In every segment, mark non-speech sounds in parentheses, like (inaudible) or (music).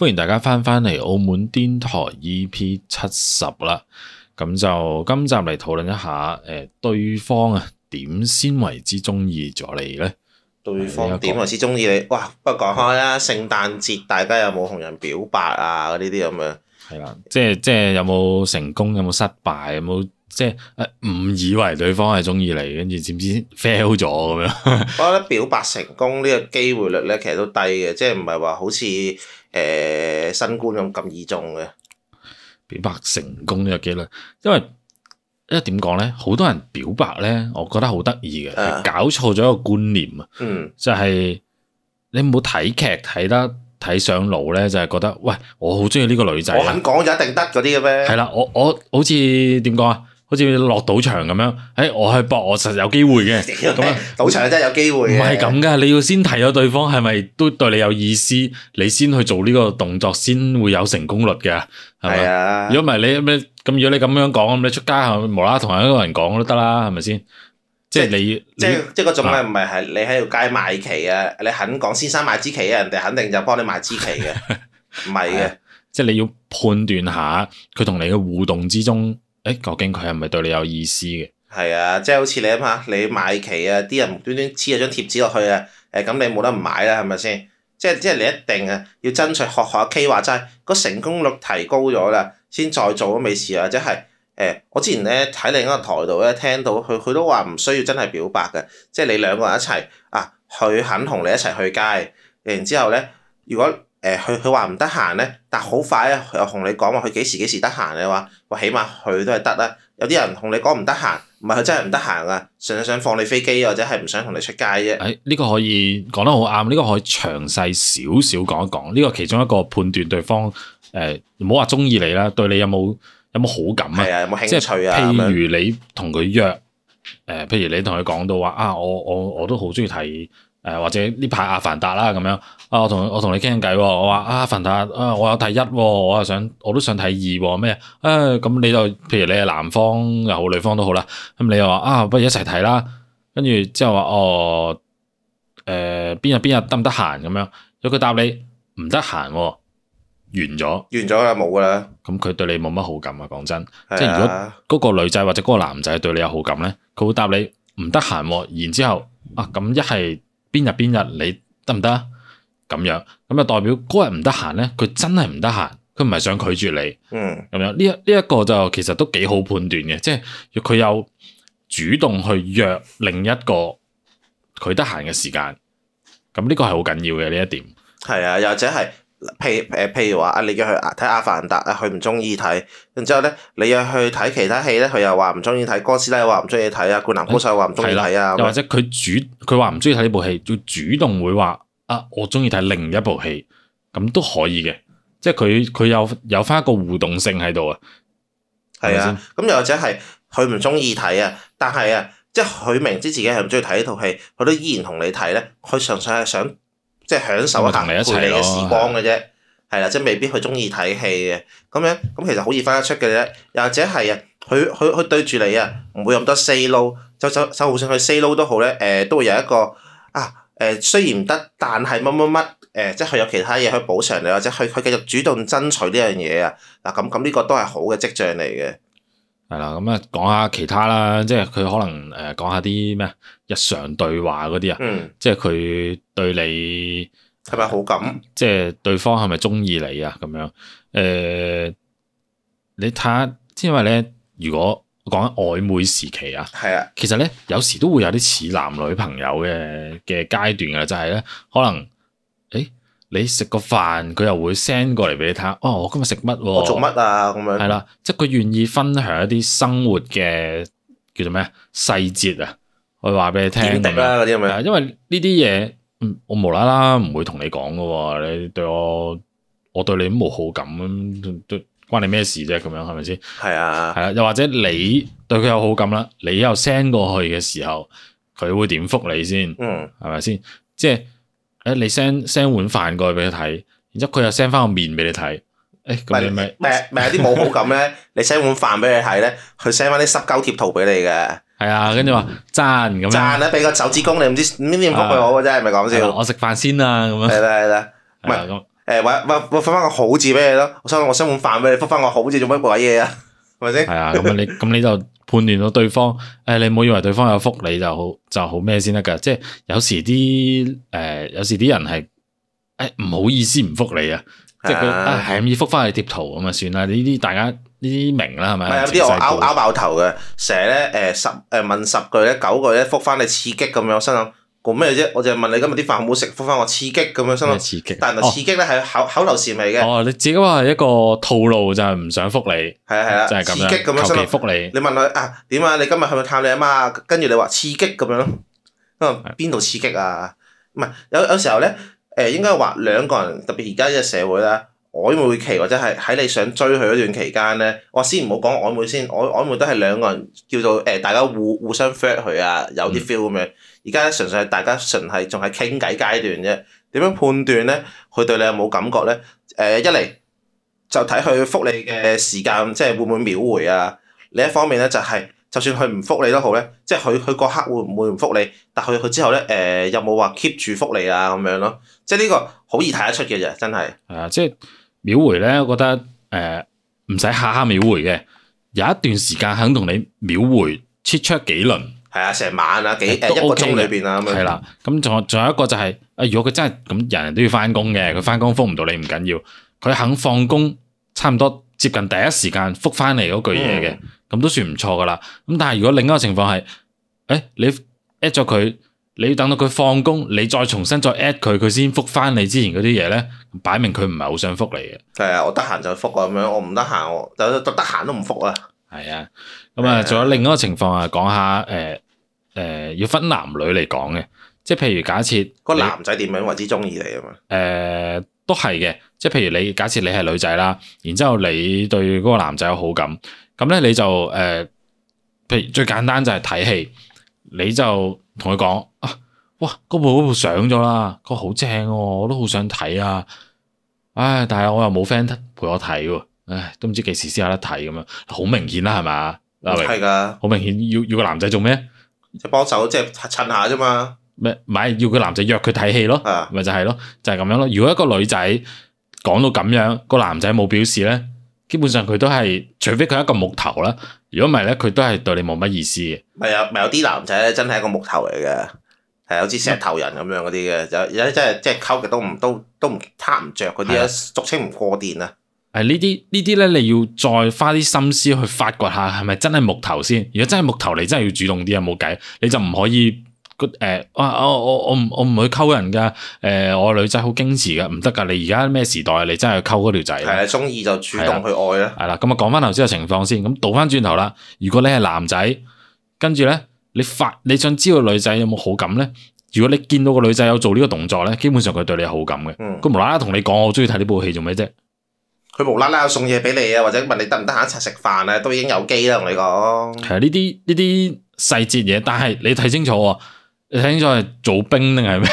歡迎大家翻翻嚟澳門電台 E.P. 七十啦，咁就今集嚟討論一下，誒，對方啊點先為之中意咗你呢？對方點為之中意你？哇，不過講開啦，聖誕節大家有冇同人表白啊？呢啲咁嘅係啦，即係即係有冇成功？有冇失敗？有冇即係誤以為對方係中意你，跟住知唔知 fail 咗咁樣？我覺得表白成功呢個機會率呢，其實都低嘅，即係唔係話好似。誒，新觀眾咁咁易中嘅表白成功呢個幾率，因為因為點講咧？好多人表白咧，我覺得好得意嘅，啊、搞錯咗一個觀念啊！嗯，就係、是、你唔好睇劇睇得睇上腦咧，就係、是、覺得喂，我好中意呢個女仔，我咁講就一定得咗啲嘅咩？係啦，我我好似點講啊？好似落賭場咁樣，誒、哎，我係搏我實有機會嘅。賭 (laughs) 場真係有機會。唔係咁噶你要先睇咗對方係咪都對你有意思，你先去做呢個動作，先會有成功率嘅。係是啊。如果唔係你咩咁，如果你咁樣講，咁你出街行無啦啦同一個人講都得啦，係咪先？即係你，即係你即係嗰即種咧，唔係係你喺條街賣旗啊，是啊你肯講先生買支旗啊，人哋肯定就幫你買支旗嘅。唔係嘅，即係你要判斷下佢同你嘅互動之中。誒、欸，究竟佢係咪對你有意思嘅？係啊，即係好似你諗下，你買旗啊，啲人無端端黐咗張貼紙落去啊，誒、欸，咁你冇得唔買啦，係咪先？即係即係你一定啊，要爭取學下計劃齋，個成功率提高咗啦，先再做都未事啊！即係，誒、欸，我之前咧睇另一個台度咧，聽到佢佢都話唔需要真係表白嘅，即係你兩個人一齊啊，佢肯同你一齊去街，然之後咧如果。誒，佢佢話唔得閒咧，但好快佢又同你講話佢幾時幾時得閒。你話，我起碼佢都係得啦。有啲人同你講唔得閒，唔係佢真係唔得閒啊，純粹想放你飛機，或者係唔想同你出街啫。誒，呢個可以講得好啱，呢個可以詳細少少講一講。呢個其中一個判斷對方誒，唔好話中意你啦，對你有冇有冇好感啊？係啊，有冇興趣啊？譬如你同佢約，誒，譬如你同佢講到話啊，我我我都好中意睇。誒，或者呢排阿凡達啦咁樣，啊我同我同你傾緊偈，我話阿凡達，啊我有睇一，我又想我都想睇二，咩啊，咁你就譬如你係男方又好，女方都好啦，咁你又話啊，不如一齊睇啦，跟住之後話哦，誒，邊日邊日得唔得閒咁樣，的如果佢答你唔得閒，完咗，完咗啦，冇噶啦，咁佢對你冇乜好感啊，講真，即係如果嗰個女仔或者嗰個男仔對你有好感咧，佢會答你唔得閒，然之後啊，咁一係。邊日邊日你得唔得咁樣？咁就代表嗰日唔得閒咧，佢真係唔得閒，佢唔係想拒絕你。嗯，咁樣呢一呢一個就其實都幾好判斷嘅，即係佢有主動去約另一個佢得閒嘅時間。咁呢個係好緊要嘅呢一點。係啊，又或者係。譬誒，譬如話啊，你要去睇《阿凡達》，嗯嗯，啊，佢唔中意睇，然之後咧，你又去睇其他戲咧，佢又話唔中意睇《哥斯拉》，話唔中意睇啊《灌籃高手》，話唔中意睇啊，又或者佢主佢話唔中意睇呢部戲，要主動會話啊，我中意睇另一部戲，咁都可以嘅，即係佢佢有有翻一個互動性喺度啊，係啊吧，咁又或者係佢唔中意睇啊，但係啊，即係佢明知自己係唔中意睇呢套戲，佢都依然同你睇咧，佢純粹係想。即係享受啊，一下隔離嘅時光嘅啫，係啦，即係未必佢鍾意睇戲嘅，咁樣咁其實好易分得出嘅啫。又或者係啊，佢佢佢對住你啊，唔會咁多 say no，就就就算佢 say no 都好咧，誒、呃、都會有一個啊誒、呃，雖然唔得，但係乜乜乜誒，即係佢有其他嘢去補償你，或者佢佢繼續主動爭取呢、啊、樣嘢啊嗱，咁咁呢個都係好嘅跡象嚟嘅。係啦，咁啊，講下其他啦，即係佢可能誒，講下啲咩日常對話嗰啲啊，即係佢對你係咪好感，即係對方係咪中意你啊，咁樣誒、呃，你睇下，因為咧，如果講曖昧時期啊，係啊的，其實咧有時都會有啲似男女朋友嘅嘅階段噶就係、是、咧可能誒。你食個飯，佢又會 send 過嚟俾你睇。哦，我今日食乜？我做乜啊？咁樣係啦，即係佢願意分享一啲生活嘅叫做咩細節啊？我話俾你聽，啦啲咁樣。因為呢啲嘢，我無啦啦唔會同你講噶。你對我，我對你冇好感，都關你咩事啫？咁樣係咪先？係啊，係啦，又或者你對佢有好感啦，你又 send 過去嘅時候，佢會點覆你先？嗯，係咪先？即係。誒，你 send send 碗飯過去俾佢睇，然之後佢又 send 翻個麵俾你睇，誒、哎，咁你咪咪咪有啲冇好感咧？ (laughs) 你 send 碗飯俾佢睇咧，佢 send 翻啲濕鳩貼圖俾你嘅。係啊，跟住話讚咁樣，讚啊！俾個手指公，你唔知點點覆佢好啊真係，咪講笑？我食飯先啊，咁樣，係啦，係啦，唔係，誒，搵翻個好字俾你咯，我 send 碗飯俾你，覆翻個好字做乜鬼嘢啊？係 (laughs) 啊，咁啊你，咁你就判斷到對方，誒、哎、你唔好以為對方有覆你就好，就好咩先得㗎？即係有時啲、呃、有時啲人係唔、哎、好意思唔覆你啊，即係佢係咁意覆翻你貼圖咁啊算啦，呢啲大家呢啲明啦係咪？有啲我拗拗不爆頭嘅，成日咧誒十、呃、問十句咧九句咧覆翻你刺激咁樣，我心諗講咩啫？我淨係問你今日啲飯好唔好食？覆翻我刺激咁樣心諗。但係刺激咧係、哦、口口頭禪嚟嘅。哦，你自己話係一個套路就係、是、唔想覆你。係啊係啦，就係刺激咁樣心諗覆你。你問佢啊，點啊？你今日係咪探你阿媽？跟住你話刺激咁樣咯。邊度的、嗯、刺激啊？唔係有有時候咧，誒、呃、應該話兩個人特別而家呢個社會咧，曖昧期或者係喺你想追佢嗰段期間咧，我先唔好講曖昧先，曖曖昧都係兩個人叫做誒、呃、大家互互相 friend 佢啊，有啲 feel 咁樣、嗯。而家咧，純粹係大家純係仲係傾偈階段啫。點樣判斷咧？佢對你有冇感覺咧？誒、呃，一嚟就睇佢覆你嘅時間，即係會唔會秒回啊？另一方面咧、就係，就係就算佢唔覆你都好咧，即係佢佢嗰刻會唔會唔覆你？但係佢之後咧，誒、呃、有冇話 keep 住覆你啊？咁樣咯，即係呢個好易睇得出嘅啫，真係。係啊，即係秒回咧，我覺得誒唔使下下秒回嘅，有一段時間肯同你秒回，切出幾輪。係啊，成晚啊，幾多個鐘裏邊啊咁樣。係啦，咁仲有仲有一個就係、是，啊如果佢真係咁，人人都要翻工嘅，佢翻工復唔到你唔緊要，佢肯放工，差唔多接近第一時間復翻嚟嗰句嘢嘅，咁、嗯、都算唔錯噶啦。咁但係如果另一個情況係，誒、欸、你 at 咗佢，你等到佢放工，你再重新再 at 佢，佢先復翻你之前嗰啲嘢咧，擺明佢唔係好想復你嘅。係啊，我得閒就復啊。咁樣，我唔得閒我就得閒都唔復啊。係啊，咁啊，仲有另一個情況啊，講下誒誒、呃呃，要分男女嚟講嘅，即係譬如假設個男仔點樣為之鍾意你啊嘛、呃？都係嘅，即係譬如你假設你係女仔啦，然之後你對嗰個男仔有好感，咁咧你就誒、呃，譬如最簡單就係睇戲，你就同佢講啊，哇，嗰部嗰部上咗啦，個好正喎，我都好想睇啊，唉，但係我又冇 friend 陪我睇喎、啊。唉，都唔知幾時先有得睇咁樣，好明顯啦，係嘛？係噶，好明顯，的明顯要要個男仔做咩？即係幫手，即係襯下啫嘛。咩？唔係要個男仔約佢睇戲咯，咪的就係咯，就係咁樣咯。如果一個女仔講到咁樣，個男仔冇表示咧，基本上佢都係，除非佢一個木頭啦。如果唔係咧，佢都係對你冇乜意思嘅。咪、啊、有咪有啲男仔咧，真係一個木頭嚟嘅，係好似石頭人咁樣嗰啲嘅，有有啲即係即係溝嘅都唔都都唔攤唔着嗰啲啊，的俗稱唔過電啊。誒，呢啲呢啲咧，你要再花啲心思去發掘下，係咪真係木頭先？如果真係木頭，你真係要主動啲啊，冇計，你就唔可以誒、呃，我我我我唔我唔會溝人噶，誒，我，我，我、呃、我女仔好矜持噶，唔得噶。你而家咩時代啊？你真係溝嗰條仔，係中意就主動去愛啦。係啦，咁啊，講翻頭先嘅情況先，咁倒翻轉頭啦。如果你係男仔，跟住咧，你發你想知道女仔有冇好感咧？如果你見到個女仔有做呢個動作咧，基本上佢對你好感嘅。佢無啦啦同你講，我中意睇呢部戲，做咩啫？佢無啦啦送嘢俾你啊，或者問你得唔得閒一齊食飯啊，都已經有機啦。同你講，係啊，呢啲呢啲細節嘢，但係你睇清楚喎，睇清楚係做兵定係咩？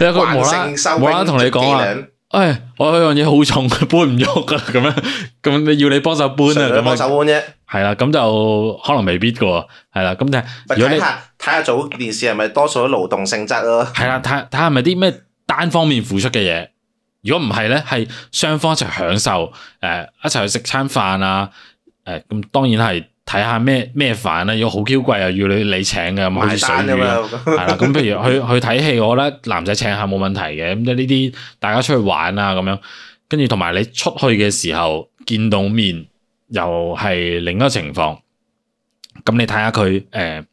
一個無啦啦無啦啦同你講啊，哎，我嗰樣嘢好重，搬唔喐噶，咁樣咁你要你幫手搬啊，咁樣幫手搬啫，係啦，咁就可能未必噶，係啦，咁就睇下睇下做嗰件事係咪多數勞動性質咯，係啦，睇睇係咪啲咩單方面付出嘅嘢。如果唔係咧，係雙方一齊享受，誒、呃，一齊去食餐飯啊，誒、呃，咁當然係睇下咩咩飯啦，要好嬌貴啊，要你你請嘅，唔係水魚啦，咁譬、 (laughs) 嗯、如去 (laughs) 去睇戲，我覺得男仔請下冇問題嘅，咁即呢啲大家出去玩啊咁樣，跟住同埋你出去嘅時候見到面，又係另一個情況，咁你睇下佢，誒、呃，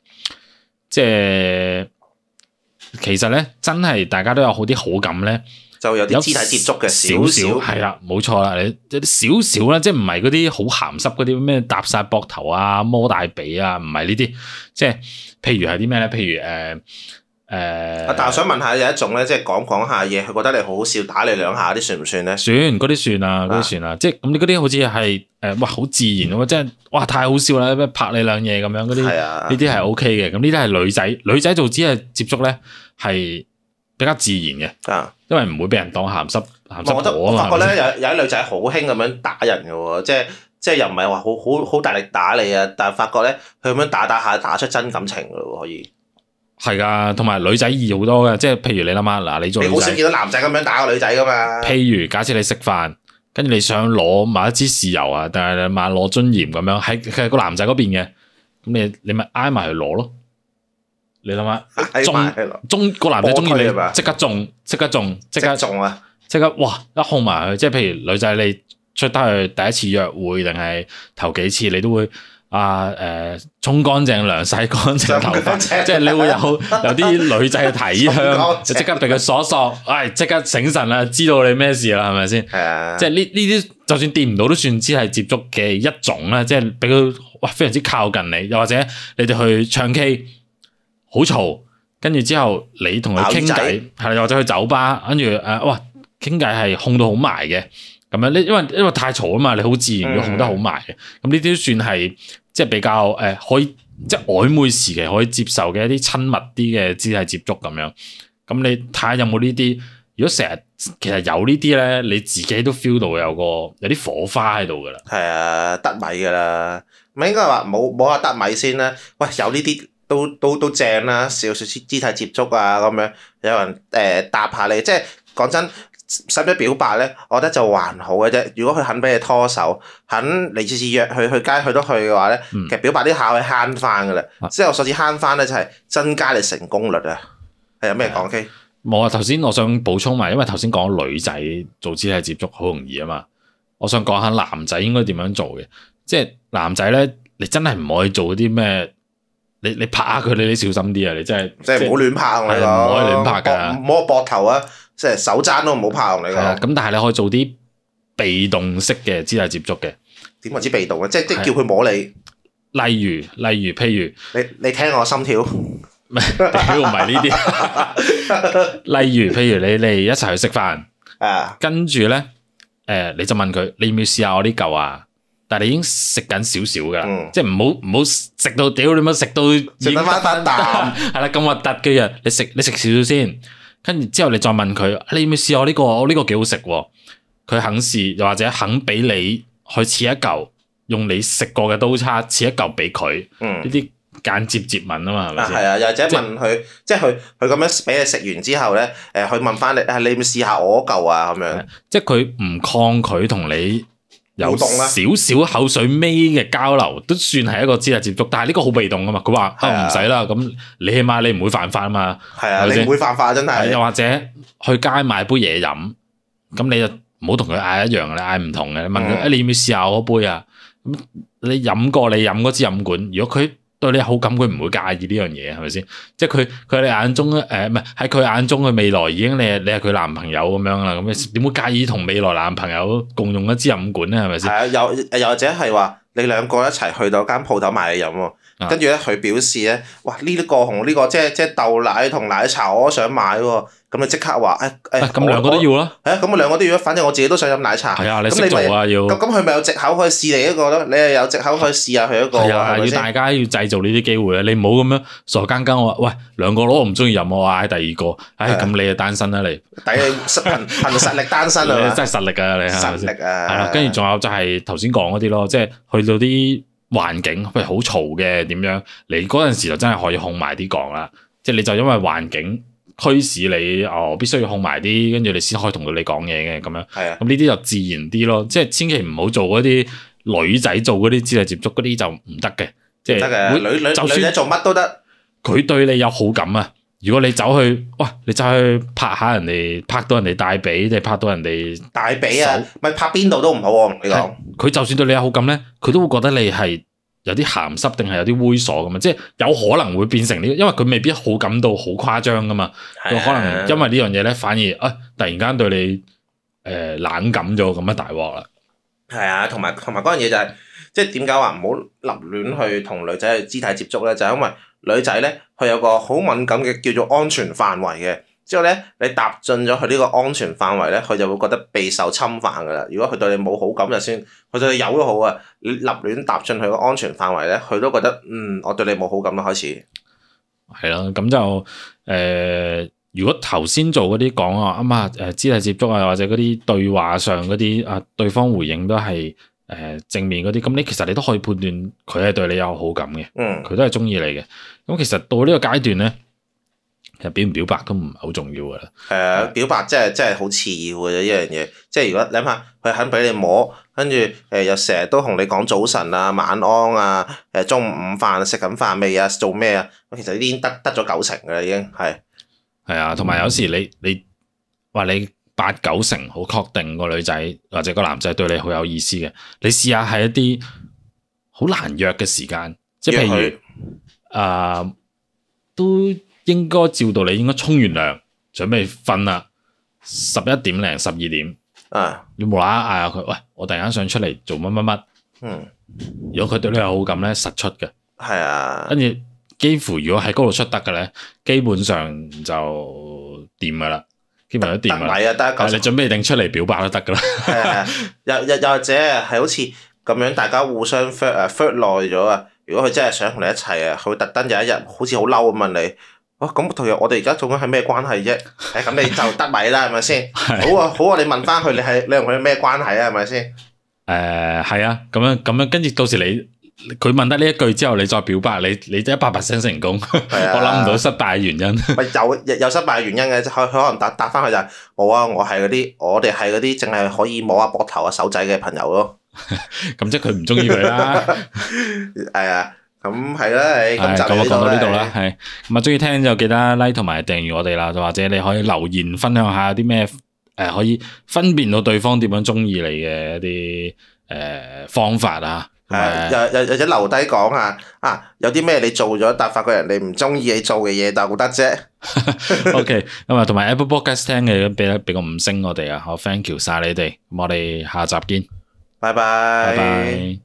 即係其實咧，真係大家都有好啲好感咧。就有啲肢體接觸嘅少少，係啊，冇錯啦，少少啦，即係唔係嗰啲好鹹濕嗰啲咩搭晒膊頭啊、摸大髀啊，唔係呢啲，即係譬如係啲咩咧？譬如誒誒，譬如呃、但我想問下，有一種咧，即係講講下嘢，佢覺得你好好笑，打你兩下啲算唔算咧？算嗰啲算啊，嗰啲算啊，即係咁你嗰啲好似係誒哇好自然喎，即係哇太好笑啦，拍你兩嘢咁樣嗰啲，呢啲係 OK 嘅，咁呢啲係女仔女仔做只係接觸咧，係比較自然嘅因為唔會俾人當鹹濕鹹濕貨啊嘛！我發覺咧濕有有啲女仔好興咁樣打人嘅喎，即係即係又唔係話好好好大力打你啊！但係發覺咧佢咁樣打打下打，打，打出真感情噶咯，可以係噶，同埋女仔易好多嘅，即係譬如你諗下嗱，你做你好少見到男仔咁樣打個女仔噶嘛？譬如假設你食飯，跟住你想攞埋一支豉油啊，但係你問攞樽鹽咁樣，喺佢係個男仔嗰邊嘅，咁你你咪挨埋去攞咯。你諗下，中中個男仔中意你，即刻中，即刻中，即刻中啊！即刻哇，一控埋佢，即係譬如女仔你出得去第一次約會，定係頭幾次，你都會啊誒沖乾淨涼，洗乾淨頭髮，正正即係你會有有啲女仔嘅體香，就即正正刻俾佢索索，哎即刻醒神啦，知道你咩事啦，係咪先？係啊是的，即係呢呢啲就算掂唔到，都算之係接觸嘅一種啦，即係俾佢哇非常之靠近你，又或者你哋去唱 K。好嘈，跟住之後你同佢傾偈，係仔或者去酒吧，跟住誒，哇，傾偈係控到好埋嘅，咁樣呢？因為因為太嘈啊嘛，你好自然會控得好埋嘅。咁呢啲算係即係比較誒、欸，可以即係曖昧時期可以接受嘅一啲親密啲嘅肢體接觸咁樣。咁你睇下有冇呢啲？如果成日其實有呢啲咧，你自己都 feel 到有個有啲火花喺度噶啦。係啊，得米噶啦，咪應該話冇冇啊，得米先啦。喂，有呢啲。都都都正啦、啊，少少肢體接觸啊咁樣，有人誒搭、呃、下你，即係講真，使唔使表白咧？我覺得就還好嘅啫。如果佢肯俾你拖手，肯你次次約佢去街，去都去嘅話咧，其實表白啲下可以慳翻嘅啦。嗯、即係我所指慳翻咧，就係增加你成功率啊。係有咩講 K？冇啊！頭先我想補充埋，因為頭先講女仔做肢體接觸好容易啊嘛，我想講下男仔應該點樣做嘅。即係男仔咧，你真係唔可以做啲咩？你你拍下佢，你你小心啲啊！你真係即係唔好亂拍我，唔、就是、說可以亂拍噶、啊，摸膊頭啊，即、就、係、是、手踭都唔好拍我的你咁說但係你可以做啲被動式嘅肢體接觸嘅。點為之被動啊？即係即係叫佢摸你。例如例如譬如，你你聽我心跳。屌，唔係呢啲。例如譬如你你一齊去食飯，的跟住咧，誒、呃、你就問佢，你唔要試下我啲嚿啊？但你已經食緊少少噶，嗯、即係唔好唔好食到屌你冇食到，食得核突，係啦， (laughs) 咁核突嘅人你食你食少少先，跟住之後你再問佢，啊、你咪試我呢、呢個，我呢個幾好食喎，佢肯試又或者肯俾你去切一嚿，用你食過嘅刀叉切一嚿俾佢，呢啲、嗯、間接接吻啊嘛，係咪先？係啊，又、啊、或者問佢，即係佢佢咁樣俾你食完之後咧，誒，佢問翻你有有啊，你咪試下我嚿啊咁樣，即係佢唔抗拒同你。有少少口水尾嘅交流，啊、都算係一個私下接觸，但係呢個好被動啊嘛。佢話啊唔使啦，咁、啊、你起碼你唔會犯法啊嘛。係啊，或者你唔會犯法真係。又或者去街買杯嘢飲，咁你就唔好同佢嗌一樣，你嗌唔同嘅。你問佢、嗯哎，你要唔要試下我杯啊？咁你飲過你飲嗰支飲管，如果佢。對你好感，佢唔會介意呢樣嘢，係咪先？即係佢佢，你眼中，誒唔係，喺佢眼中，佢未來已經你係你係佢男朋友咁樣啦，咁你點會介意同未來男朋友共用一支飲管咧？係咪先？係啊，有或者係話你兩個一齊去到間鋪頭買嘢飲。跟住咧，佢表示咧，哇呢啲、呢個同呢、呢個即係即係豆奶同奶茶我都想買喎，咁你即刻話誒誒，我我兩、哎、個都要啦，係咁我兩個都要，反正我自己都想飲奶茶。係啊，你識做啊要。咁佢咪有藉口可以試你一、個咯？你又有藉口可以試下佢一個。係啊的，要大家要製造呢啲機會啊！的你唔好咁樣傻更更，我話喂兩個咯，我唔中意飲，我嗌第二個。唉、哎，咁的你係單身啦，你 (laughs) 憑。底憑憑實力單身啊！ (laughs) 你真係實力啊！你看看。實力啊！係啦，跟住仲有就係頭先講嗰啲咯，即係去到啲。環境譬如好嘈嘅，點樣，你嗰陣時就真係可以控埋啲講啦。即係你就因為環境驅使你哦，必須要控埋啲，跟住你先可以同到你講嘢嘅咁樣係啊，咁呢啲就自然啲咯。即係千祈唔好做嗰啲女仔做嗰啲肢體接觸嗰啲就唔得嘅。即係得嘅，女女仔做乜都得。佢對你有好感啊！如果你走去哇，你走去拍下人哋，拍到人哋大髀，即係拍到人哋大髀啊，唔係拍邊度都唔好、啊。我同你講，佢就算對你有好感咧，佢都會覺得你係有啲鹹濕，定係有啲猥瑣咁嘛。即係有可能會變成呢、這個，因為佢未必好感到好誇張噶嘛。啊、可能因為呢樣嘢咧，反而啊，突然間對你誒冷、呃、感咗咁啊，大鑊啦。係啊，同埋同埋嗰樣嘢就係，即係點解話唔好立亂去同女仔去肢體接觸咧？就係、是就是、因為。女仔咧，佢有個好敏感嘅叫做安全範圍嘅。之後咧，你踏進咗佢呢個安全範圍咧，佢就會覺得備受侵犯㗎喇。如果佢對你冇好感就先，就算佢對你有都好啊。你立亂踏進佢個安全範圍咧，佢都覺得嗯，我對你冇好感啦，開始。係啦，咁就誒、呃，如果頭先做嗰啲講話，啱啱肢體接觸啊，或者嗰啲對話上嗰啲啊對方回應都係。誒，正面嗰啲，咁你其實你都可以判斷佢係對你有好感嘅，佢都係中意你嘅。咁其實到呢個階段咧，其實表唔表白都唔係好重要噶啦。誒、嗯，表白即係即係好次要嘅一樣嘢。即係如果你諗下，佢肯俾你摸，跟住誒又成日都同你講早晨啊、晚安啊、誒中午午飯食緊飯未啊、做咩啊？咁其實呢啲已經得得咗九成噶啦，已經係係啊。同埋、嗯、有，有時你你話你。八九成好確定個女仔或者個男仔對你好有意思嘅，你試下喺一啲好難約嘅時間，即係譬如誒、啊、都應該照到你應該沖完涼，準備瞓啦，十一點零十二點啊，你冇啦啦嗌下佢，喂，我突然間想出嚟做乜乜乜，嗯，如果佢對你有好感咧，實出嘅，係啊，跟住幾乎如果喺嗰度出得嘅咧，基本上就掂噶啦。揭埋都掂啊！但係你準備定出嚟表白都得噶啦。又又又或者係好似咁樣，大家互相 fit 啊 fit 耐咗啊。如果佢真係想同你一齊啊，佢會特登有一日好似好嬲咁問你：哦，咁同樣我哋而家做緊係咩關係啫？係咁，你就得米啦，係咪先？好啊，好啊，你問翻佢，你係你同佢咩關係啊？係咪先？誒，係啊，咁樣咁樣，跟住到時你。佢問得呢一句之後，你再表白你，你你一百巴仙成功，啊、 (laughs) 我諗唔到失敗嘅原因。有有失敗嘅原因嘅，佢可能答答翻佢就係、是、冇、 (laughs) 嗯嗯嗯、 (laughs) 啊，我係嗰啲，我哋係嗰啲淨係可以摸下膊頭啊手仔嘅朋友咯。咁即係佢唔中意佢啦。啊，咁係啦，咁就講到呢度啦。係咁啊，中意、嗯、聽就記得 like 同埋訂閱我哋啦，或者你可以留言分享一下啲咩誒可以分辨到對方點樣中意你嘅一啲誒、呃、方法啊。係，又又或者留低講下啊，啊，有啲咩你做咗，但發覺人哋唔中意你做嘅嘢，得唔得啫？OK，咁啊，同埋 Apple Podcast 聽嘅，俾俾個五星我哋啊，好，thank you 晒你哋，我哋下集見，拜拜。